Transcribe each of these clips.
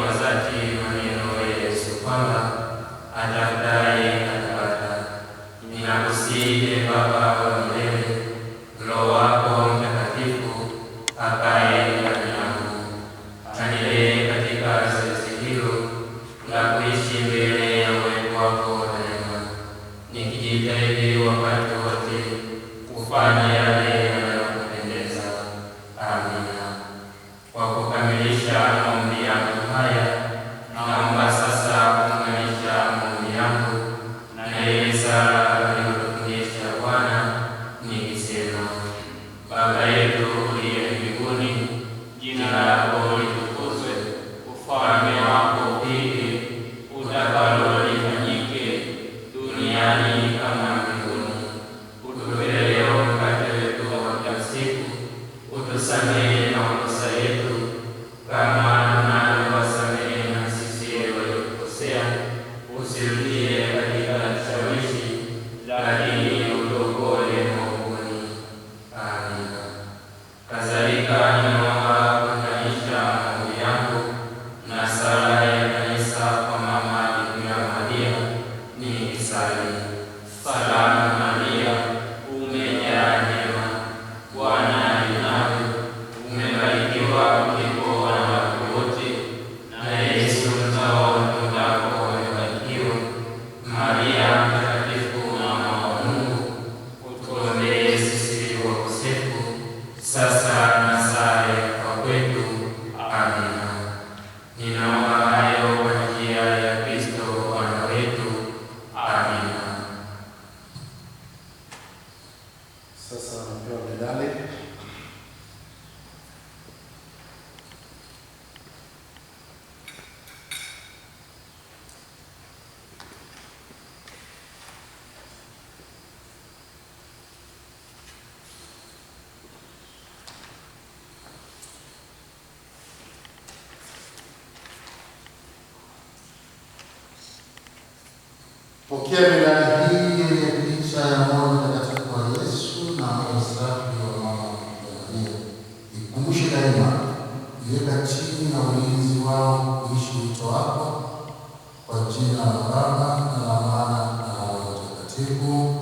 kwa dhati maneno ya Yesu kwamba atafurahi atapata. Ninakusihi Baba wa milele, Roho wako Mtakatifu akae ndani yangu, anilee katika zoezi hilo la kuishi mbele ya uwepo wako daima, nikijitahidi wakati wote kufanya yale Pokea medali hii yenye picha ya moyo mtakatifu wa Yesu na moyo safi wa mama Maria. Ikumbushe daima iweka chini na ulinzi wao kuishi wito wako, kwa jina la Baba na la Mwana na Roho Mtakatifu.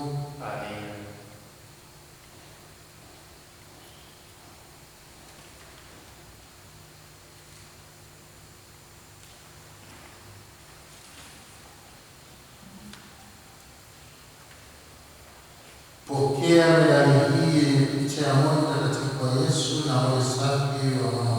Pokea medali hii yenye picha ya Mungu Mtakatifu wa Yesu na roho safi wa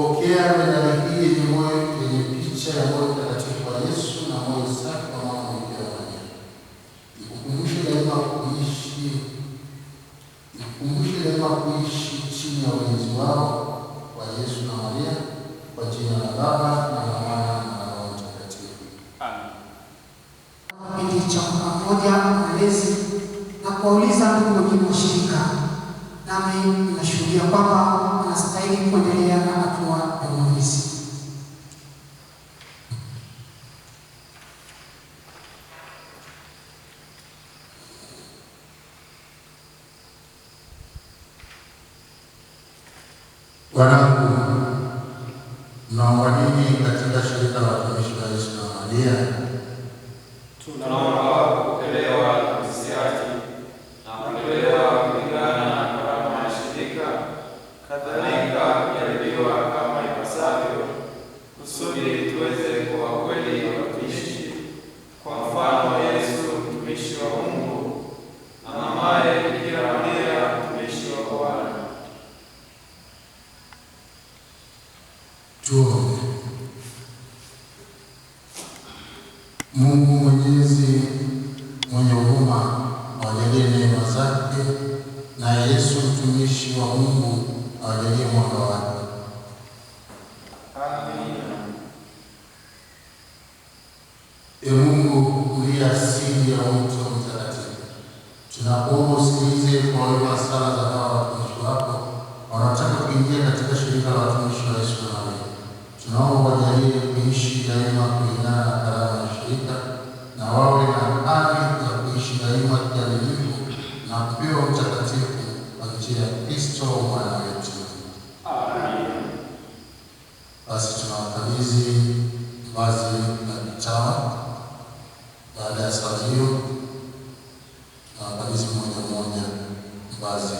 Pokea medali hii yenye moyo yenye picha ya moyo mtakatifu wa Yesu na moyo safi wa mama Bikira Maria. Ikukumbushe daima kuishi, ikukumbushe daima kuishi chini ya ulinzi wao wa Yesu na Maria, kwa jina la Baba na la Mwana na la Roho Mtakatifu. Amen. Kipindi cha pamoja malezi na kuwauliza ndugu wengine washirika nami ninashuhudia kwamba anastahili kuendelea na hatua ya uamuzi. Wanangu, mnaomba nini katika shirika la watumishi wa Yesu na Maria? na Yesu mtumishi wa Mungu awajalie mwanga wake. Amina. E Mungu uliye asili ya mtu mtakatifu, tunakuomba usikilize kwa wema sala za hawa watumishi wako wanaotaka kuingia katika shirika la watumishi wa Yesu. darasa hiyo na mwezi base mmoja basi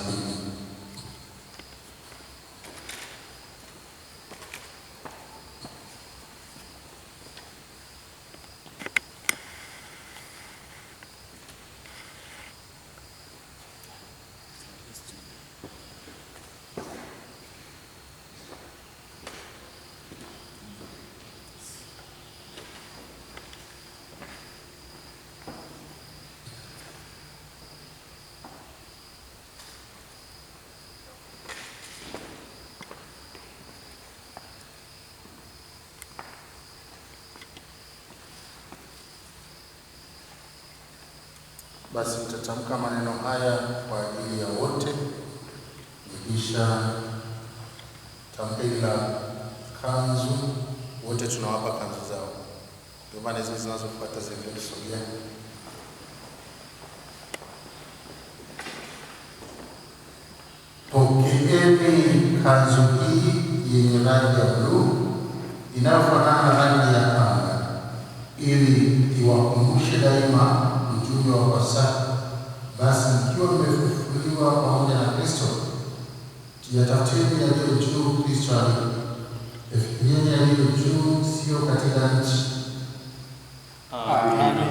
Basi mtatamka maneno haya kwa ajili ya wote, nikisha tamka la kanzu, wote tunawapa kanzu zao. Ndio maana hizo zinazofuata zilizotusogea Pokeeni kanzu hii yenye rangi ya bluu inayofanana na rangi ya anga, ili iwakumbushe daima kufufuliwa kwa sasa. Basi mkiwa mmefufuliwa pamoja na Kristo, tuyatafuteni yaliyo juu Kristo alipo. Yafikirieni yaliyo juu, sio katika nchi. Amina.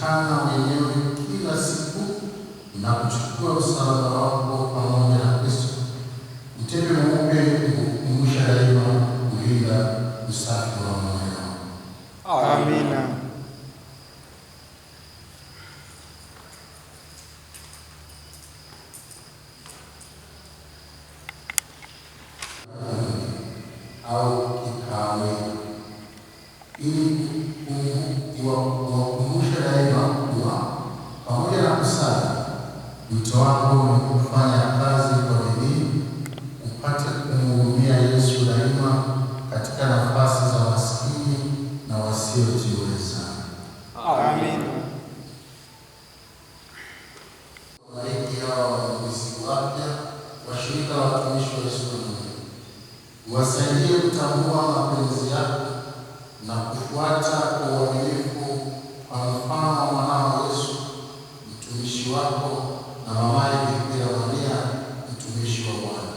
kujikana wenyewe kila siku na kuchukua msalaba wako pamoja kufuata kwa uaminifu kwa mfano wa mwanao Yesu mtumishi wako na mamaye Bikira Maria mtumishi wa Bwana.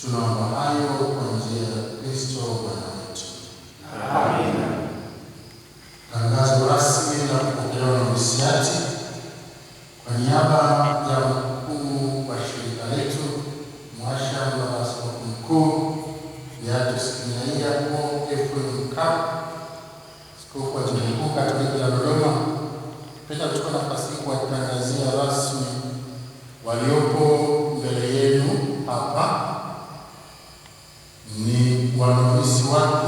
Tunaomba hayo kwa njia ya Kristo Bwana wetu. Amina. Tangazo rasmi la kupokewa na novisiati kwa niaba ni wanunuzi wake